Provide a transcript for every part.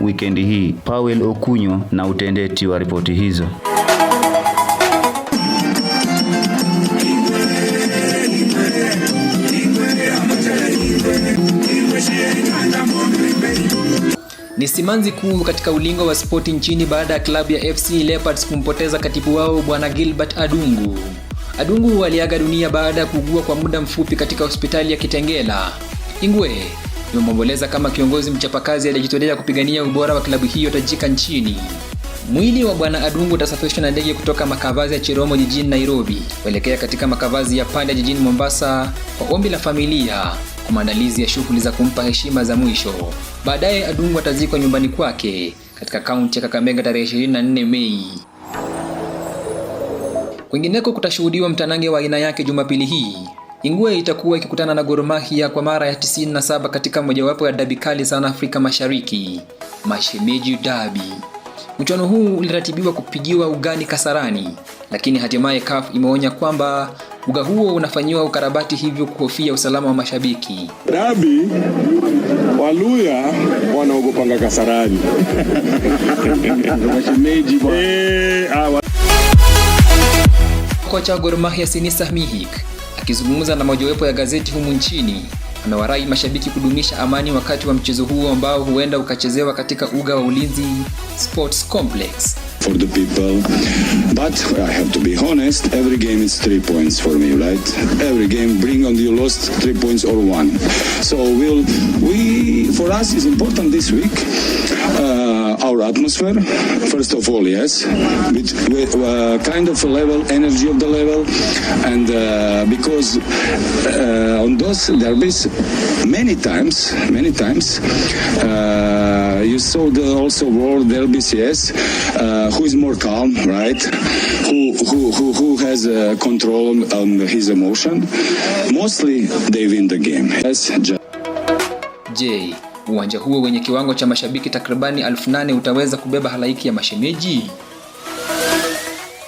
wikendi hii. Powell Okunyo na utendeti wa ripoti hizo. Ni simanzi kuu katika ulingo wa spoti nchini baada ya klabu ya FC Leopards kumpoteza katibu wao bwana Gilbert Adungu. Adungu aliaga dunia baada ya kuugua kwa muda mfupi katika hospitali ya Kitengela. Ingwe imemwomboleza kama kiongozi mchapakazi aliyejitolea kupigania ubora wa klabu hiyo tajika nchini. Mwili wa bwana Adungu utasafirishwa na ndege kutoka makavazi ya Chiromo jijini Nairobi kuelekea katika makavazi ya Panda jijini Mombasa kwa ombi la familia kwa maandalizi ya shughuli za kumpa heshima za mwisho. Baadaye Adungu atazikwa nyumbani kwake katika kaunti ya Kakamega tarehe 24 Mei. Kwingineko kutashuhudiwa mtanange wa aina yake Jumapili hii Ingwe itakuwa ikikutana na Gor Mahia kwa mara ya 97 katika mojawapo ya dabi kali sana Afrika Mashariki, Mashemeji Dabi. Mchuano huu uliratibiwa kupigiwa ugani Kasarani, lakini hatimaye CAF imeonya kwamba uga huo unafanyiwa ukarabati, hivyo kuhofia usalama wa mashabiki. Dabi Waluya wanaogopanga Kasarani Mashemeji. Eh, Kocha wa Gor Mahia Sinisa Mihik Akizungumza na mojawapo ya gazeti humu nchini, amewarai mashabiki kudumisha amani wakati wa mchezo huo ambao huenda ukachezewa katika uga wa Ulinzi Sports Complex. For the people. But I have to be honest, every game is three points for me, right? Every game bring on you lost three points or one. So we'll, we, for us is important this week our atmosphere, first of all, yes, with, with uh, kind of a level, energy of the level, and uh, because uh, on those derbies, many times, many times, uh, you saw the also world derbies, yes, uh, who is more calm, right? Who who who, who has uh, control on, on his emotion? Mostly, they win the game. Yes, Jay. Uwanja huo wenye kiwango cha mashabiki takribani elfu nane utaweza kubeba halaiki ya mashemeji.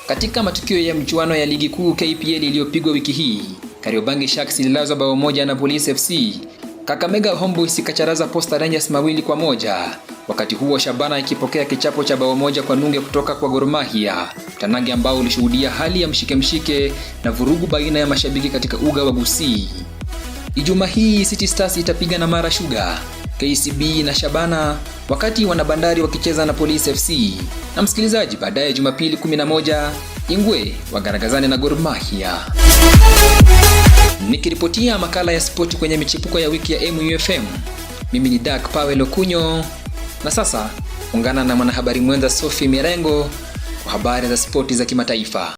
Katika matukio ya mchuano ya ligi kuu KPL iliyopigwa wiki hii, Kariobangi Sharks ililazwa bao moja na Police FC. Kakamega Homeboys ikacharaza Posta Rangers mawili kwa moja. Wakati huo Shabana ikipokea kichapo cha bao moja kwa nunge kutoka kwa Gor Mahia, mtanange ambao ulishuhudia hali ya mshike mshike na vurugu baina ya mashabiki katika uga wa Gusii. Ijumaa hii City Stars itapiga na Mara Sugar. KCB na Shabana wakati wana Bandari wakicheza na Police FC. Na msikilizaji, baadaye Jumapili 11 Ingwe wagaragazane na Gor Mahia. Nikiripotia makala ya spoti kwenye michipuko ya wiki ya MUFM, mimi ni Dak Pawel Okunyo, na sasa ungana na mwanahabari mwenza Sophie Mirengo kwa habari za spoti za kimataifa.